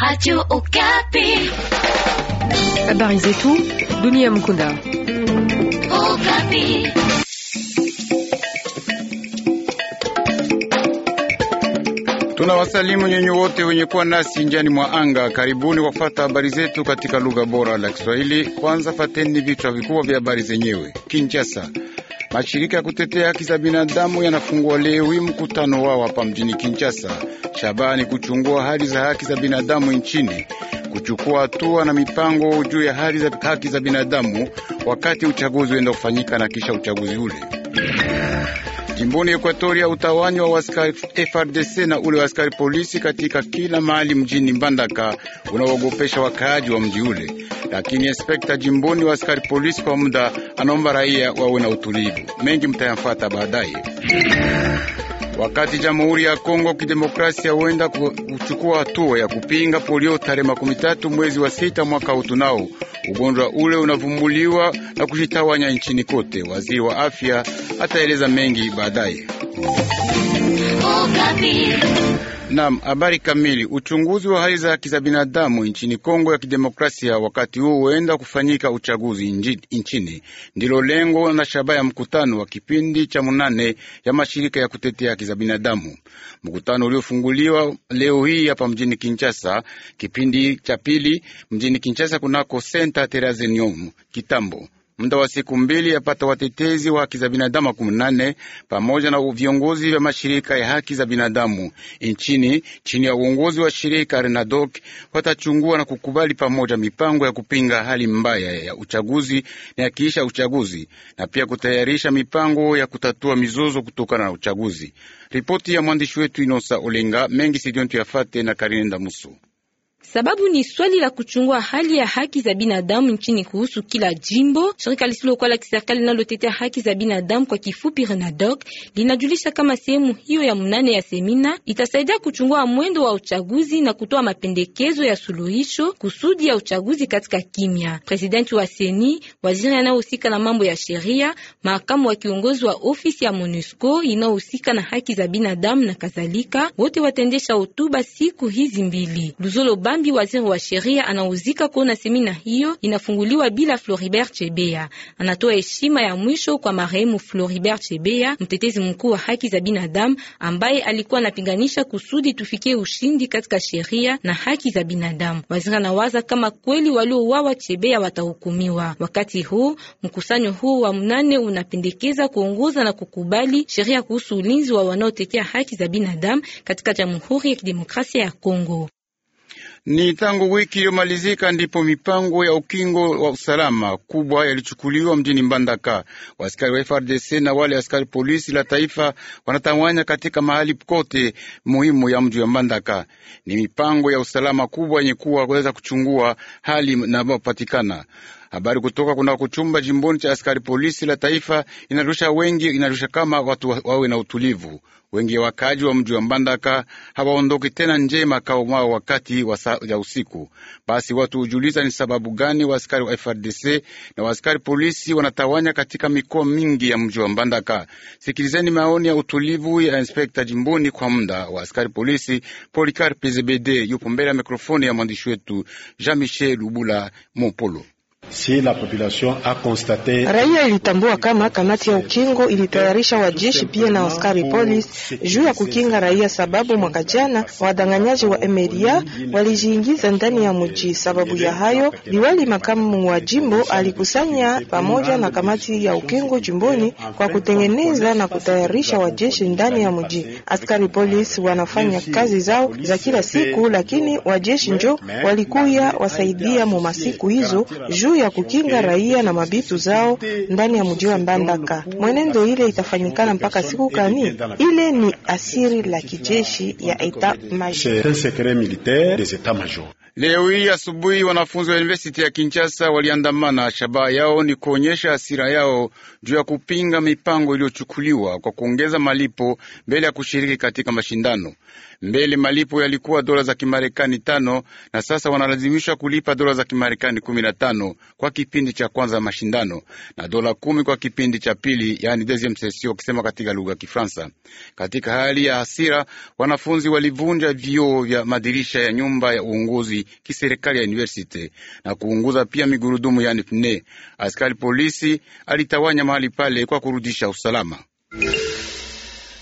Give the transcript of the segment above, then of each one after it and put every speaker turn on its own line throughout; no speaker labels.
Radio Okapi. Habari zetu dunia mkunda. Okapi.
wasalimu nyinyi wote wenye kuwa nasi njani mwa anga. Karibuni wafata habari zetu katika lugha bora la Kiswahili. Kwanza fateni vichwa vikubwa vya habari zenyewe. Kinshasa. Mashirika ya kutetea haki za binadamu yanafungua lewi mkutano wao hapa mjini Kinshasa. shabani kuchungua hali za haki za binadamu nchini, kuchukua hatua na mipango juu ya hali za haki za binadamu wakati uchaguzi huenda kufanyika na kisha uchaguzi ule Jimboni Ekuatoria, utawanyi wa askari FRDC na ule wa askari polisi katika kila mahali mjini Mbandaka unaogopesha wakaaji wa mji ule, lakini inspekta jimboni wa askari polisi kwa muda anaomba raia wawe na utulivu. Mengi mtayafuata baadaye. Wakati Jamhuri ya Kongo Kidemokrasia huenda kuchukua hatua ya kupinga polio tarehe makumi tatu mwezi wa sita mwaka utunao Ugonjwa ule unavumbuliwa na kujitawanya nchini kote. Waziri wa afya ataeleza mengi baadaye.
Oh,
Naam, habari kamili. Uchunguzi wa hali za haki za binadamu nchini Kongo ya Kidemokrasia wakati huu huenda kufanyika uchaguzi nchini, ndilo lengo na shabaha ya mkutano wa kipindi cha munane ya mashirika ya kutetea haki za binadamu, mkutano uliofunguliwa leo hii hapa mjini Kinshasa, kipindi cha pili mjini Kinshasa kunako Senta Terazenium Kitambo muda wa siku mbili yapata watetezi wa haki za binadamu makumi nane pamoja na viongozi vya mashirika ya haki za binadamu nchini chini ya uongozi wa shirika Renadoc watachungua na kukubali pamoja mipango ya kupinga hali mbaya ya uchaguzi na ya kiisha uchaguzi na pia kutayarisha mipango ya kutatua mizozo kutokana na uchaguzi. Ripoti ya mwandishi wetu Inosa Olenga mengi sidiontu yafate na karine Musu
sababu ni swali la kuchungua hali ya haki za binadamu nchini kuhusu kila jimbo. Shirika lisilokuwa la kiserikali linalotetea haki za binadamu kwa kifupi RENADOC linajulisha kama sehemu hiyo ya mnane ya semina itasaidia kuchungua mwendo wa uchaguzi na kutoa mapendekezo ya suluhisho kusudi ya uchaguzi katika kimya. Presidenti wa seni, waziri anayohusika na mambo ya sheria, makamu wa kiongozi wa ofisi ya MONUSCO inayohusika na haki za binadamu na kadhalika, wote watendesha hotuba siku hizi mbili Luzolo Kambi, waziri wa sheria, anauzika kuona semina hiyo inafunguliwa bila Floribert Chebea. Anatoa heshima ya mwisho kwa marehemu Floribert Chebea, mtetezi mkuu wa haki za binadamu ambaye alikuwa anapiganisha kusudi tufikie ushindi katika sheria na haki za binadamu. Waziri anawaza kama kweli waliouawa Chebea watahukumiwa. Wakati huu mkusanyo huu wa mnane unapendekeza kuongoza na kukubali sheria kuhusu ulinzi wa wanaotetea haki za binadamu katika Jamhuri ya Kidemokrasia ya Kongo.
Ni tangu wiki iliyomalizika ndipo mipango ya ukingo wa usalama kubwa yalichukuliwa mjini Mbandaka. Waaskari wa FRDC na wale askari polisi la taifa wanatawanya katika mahali kote muhimu ya mji wa Mbandaka. Ni mipango ya usalama kubwa yenye kuwa kuweza kuchungua hali inavyopatikana Habari kutoka kuna kuchumba jimboni cha askari polisi la taifa inarusha wengi inarusha kama watu wawe na utulivu. Wengi wakaji wa mji wa Mbandaka hawaondoki tena nje makao mwao wakati wa saa ya usiku. Basi watu hujiuliza ni sababu gani waaskari wa FRDC na waaskari polisi wanatawanya katika mikoa mingi ya mji wa Mbandaka. Sikilizeni maoni ya utulivu ya inspekta jimboni kwa muda wa askari polisi Polikar Pzbd, yupo mbele ya mikrofoni ya mwandishi wetu Jean Michel Lubula Mopolo. Si la population a constate...
raia ilitambua kama kamati ya ukingo ilitayarisha wajeshi pia na askari polisi juu ya kukinga raia, sababu mwaka jana wadanganyaji wa mla walijiingiza ndani ya mji. Sababu ya hayo, liwali makamu wa jimbo alikusanya pamoja na kamati ya ukingo jimboni kwa kutengeneza na kutayarisha wajeshi ndani ya mji. Askari polisi wanafanya kazi zao za kila siku, lakini wajeshi njo walikuya wasaidia mu masiku hizo juu juu ya kukinga raia na mabitu zao ndani ya mji wa Mbandaka. Mwenendo ile itafanyikana mpaka siku kani. Ile
ni asiri la kijeshi ya etat major. Leo hii asubuhi wanafunzi wa university ya Kinshasa waliandamana. Shabaha yao ni kuonyesha hasira yao juu ya kupinga mipango iliyochukuliwa kwa kuongeza malipo mbele ya kushiriki katika mashindano. Mbele malipo yalikuwa dola za Kimarekani tano na sasa wanalazimishwa kulipa dola za Kimarekani kumi na tano kwa kipindi cha kwanza mashindano na dola kumi kwa kipindi cha pili, yani deuxieme session, wakisema katika lugha ya Kifransa. Katika hali ya hasira, wanafunzi walivunja vioo vya madirisha ya nyumba ya uongozi kiserikali ya universite na kuunguza pia migurudumu, yani pne. Askari polisi alitawanya mahali pale kwa kurudisha usalama.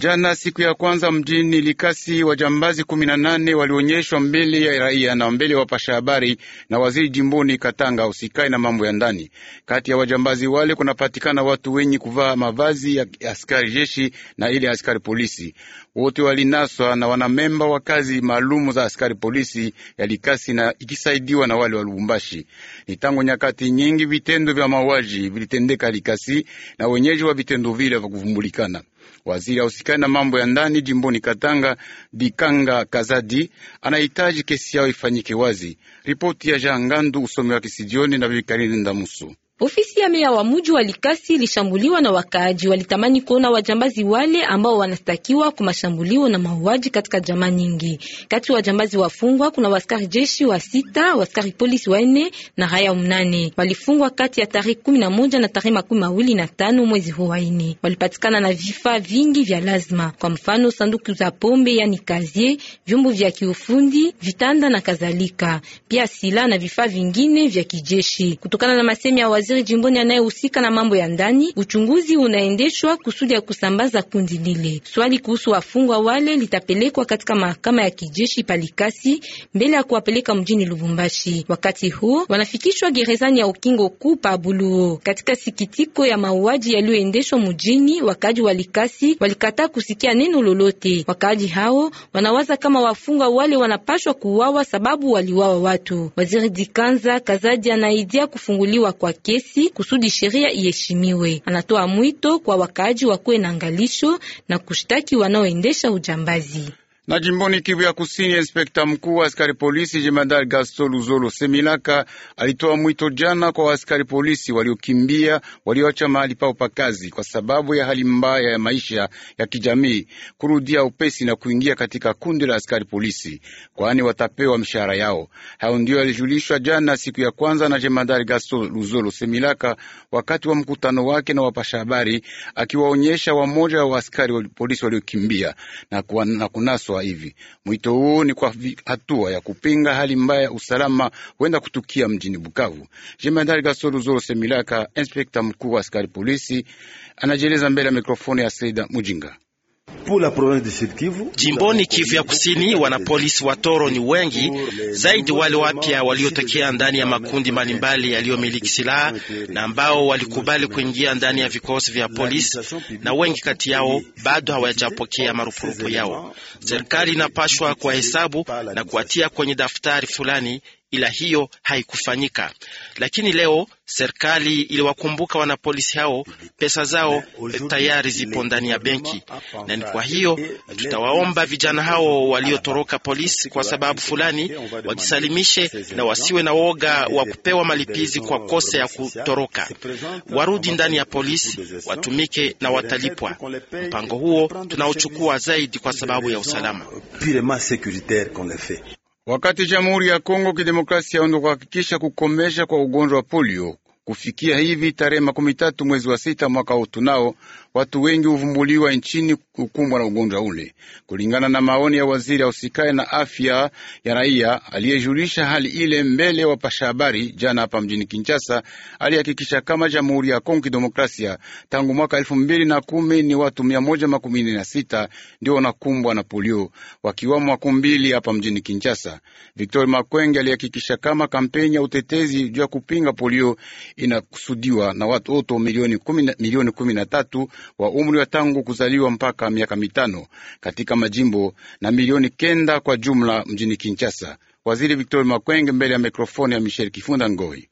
Jana siku ya kwanza mjini Likasi, wajambazi kumi na nane walionyeshwa mbele ya raia na mbele ya wapasha habari na waziri jimboni Katanga usikai na mambo ya ndani. Kati ya wajambazi wale kunapatikana watu wenye kuvaa mavazi ya askari jeshi na ile askari polisi. Wote walinaswa na wanamemba wa kazi maalumu za askari polisi ya Likasi na ikisaidiwa na wale wa Lubumbashi. Ni tangu nyakati nyingi vitendo vya mauaji vilitendeka Likasi na wenyeji wa vitendo vile vya kuvumbulikana Waziri ausikani na mambo ya ndani jimboni Katanga, Bikanga Kazadi, anahitaji kesi yao ifanyike wazi. Ripoti ya Jean Ngandu, usomi wa kisijioni na Vikarini Ndamusu.
Ofisi ya meya wa muji wa Likasi ilishambuliwa na wakaaji walitamani kuona wajambazi wale ambao wanastakiwa kwa mashambulio na mauaji katika jamaa nyingi. Kati wajambazi wafungwa kuna waskari jeshi wa sita, waskari polisi wanne na raia mnane. Walifungwa kati ya tarehe kumi na moja na tarehe makumi mawili na tano mwezi huu wa nne. Walipatikana na vifaa vingi vya lazima, kwa mfano sanduku za pombe yani kazie, vyombo vya kiufundi, vitanda na kadhalika, pia silaha na vifaa vingine vya kijeshi. Kutokana na masemi ya waziri jimboni anayehusika na mambo ya ndani, uchunguzi unaendeshwa kusudi ya kusambaza kundi lile. Swali kuhusu wafungwa wale litapelekwa katika mahakama ya kijeshi Palikasi mbele ya kuwapeleka mjini Lubumbashi. Wakati huo wanafikishwa gerezani ya ukingo kuu Buluo. Katika sikitiko ya mauaji yaliyoendeshwa mjini, wa likasi walikataa kusikia neno lolote. Wakaaji hao wanawaza kama wafungwa wale wanapashwa kuuawa sababu waliwawa watu. Waziri Dikanza Kazadi anaidia kufunguliwa kwake kesi kusudi sheria iheshimiwe. Anatoa mwito kwa wakaaji wakuwe na angalisho na kushtaki wanaoendesha ujambazi.
Na jimboni Kivu ya Kusini, inspekta mkuu wa askari polisi jemadari Gaston Luzolo Semilaka alitoa mwito jana kwa askari polisi waliokimbia walioacha mahali pao pa kazi kwa sababu ya hali mbaya ya maisha ya kijamii kurudia upesi na kuingia katika kundi la askari polisi, kwani watapewa mshahara yao. Hayo ndio yalijulishwa jana siku ya kwanza na jemadari Gaston Luzolo Semilaka wakati wa mkutano wake na wapasha habari, akiwaonyesha wamoja wa askari polisi waliokimbia na kunaswa sawa hivi. Mwito huu ni kwa hatua ya kupinga hali mbaya ya usalama huenda kutukia mjini Bukavu. Jemedari Gasoru Zoro Semilaka, inspekta mkuu wa askari polisi, anajieleza mbele ya mikrofoni ya Seida Mujinga. Jimboni Kivu ya Kusini, wanapolisi watoro ni wengi zaidi, wale wapya waliotokea ndani ya makundi mbalimbali yaliyomiliki silaha na ambao walikubali kuingia ndani ya vikosi vya polisi, na wengi kati yao bado hawajapokea marupurupu yao. Serikali inapashwa kuwahesabu na kuwatia kwenye daftari fulani ila hiyo haikufanyika. Lakini leo serikali iliwakumbuka wanapolisi hao, pesa zao tayari zipo ndani ya benki, na ni kwa hiyo tutawaomba vijana hao waliotoroka polisi kwa sababu fulani wajisalimishe na wasiwe na woga wa kupewa malipizi kwa kosa ya kutoroka, warudi ndani ya polisi, watumike na watalipwa. Mpango huo tunaochukua zaidi kwa sababu ya usalama. Wakati Jamhuri ya Kongo Kidemokrasia yaondo kuhakikisha kukomesha kwa ugonjwa wa polio kufikia hivi tarehe makumi tatu mwezi wa sita mwaka huu tunao watu wengi huvumbuliwa nchini kukumbwa na ugonjwa ule, kulingana na maoni ya waziri ausikaye na afya ya raia aliyejulisha hali ile mbele ya wapasha habari jana hapa mjini Kinshasa. Alihakikisha kama Jamhuri ya Kongo Kidemokrasia tangu mwaka elfu mbili na kumi ni watu mia moja makumi nne na sita ndio wanakumbwa na polio, wakiwamo makumi mbili hapa mjini Kinshasa. Victor Makwenge alihakikisha kama kampeni ya utetezi juu ya kupinga polio inakusudiwa na watu wote milioni kumi na tatu wa umri wa tangu kuzaliwa mpaka miaka mitano katika majimbo na milioni kenda kwa jumla mjini Kinshasa. Waziri Victor Makwenge mbele ya mikrofoni ya Michel Kifunda Ngoi.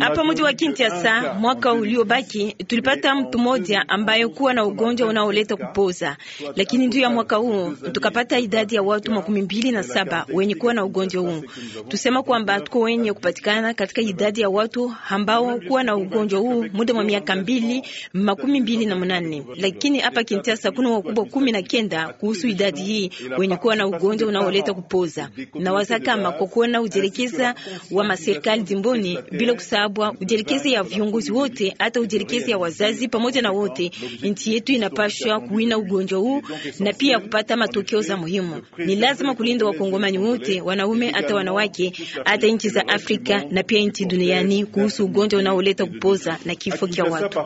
Hapa
mji wa Kinshasa mwaka uliobaki tulipata mtu mmoja ambaye kuwa na ugonjwa unaoleta kupoza, lakini ndio ya mwaka huu tukapata idadi ya watu makumi mbili na saba wenye kuwa na ugonjwa huu. Tusema kwamba tuko wenye kupatikana katika idadi ya watu ambao kuwa na ugonjwa huu muda wa miaka mbili makumi mbili na mnane, lakini hapa Kinshasa kuna wakubwa kumi na kenda kuhusu idadi hii wenye kuwa na ugonjwa unaoleta kupoza na kama kwa kuona ujelekeza wa serikali jimboni, bila kusabwa ujelekezi ya viongozi wote, hata ujelekezi ya wazazi pamoja na wote. Nchi yetu inapashwa kuwina ugonjwa huu na pia kupata matokeo za muhimu. Ni lazima kulinda wakongomani wote, wanaume hata wanawake, hata nchi za Afrika na pia nchi duniani kuhusu ugonjwa unaoleta kupoza na kifo cha watu.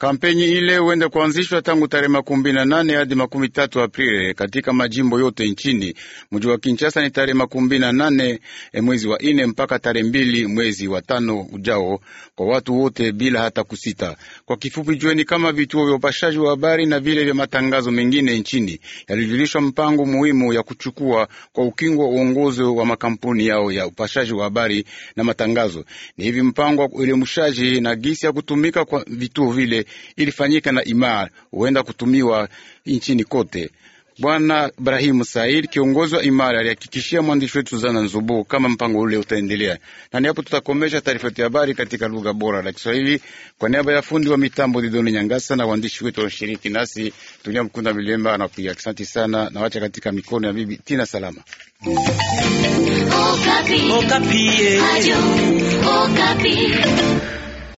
Kampeni ile huenda kuanzishwa tangu tarehe makumi na nane hadi makumi tatu Aprili katika majimbo yote nchini. Mji wa Kinshasa ni tarehe makumi na nane e mwezi wa ine mpaka tarehe mbili mwezi wa tano ujao, kwa watu wote bila hata kusita. Kwa kifupi, jueni kama vituo vya upashaji wa habari na vile vya matangazo mengine nchini yalijulishwa mpango muhimu ya kuchukua kwa ukingo wa uongozi wa makampuni yao ya upashaji wa habari na matangazo. Ni hivi mpango wa uelimishaji na gisi ya kutumika kwa vituo vile ilifanyika na Imar huenda kutumiwa nchini kote. Bwana Ibrahimu Said, kiongozi wa imar, alihakikishia mwandishi wetu Zana Nzubu kama mpango ule utaendelea. Na ni hapo tutakomesha taarifa yetu ya habari katika lugha bora la Kiswahili. Kwa niaba ya fundi wa mitambo Didoni Nyangasa na waandishi wetu washiriki nasi, Dunia Mkunda Milemba anapiga asanti sana, na wacha katika mikono ya bibi Tina Salama.
Okapi. Oh, Okapi. Oh,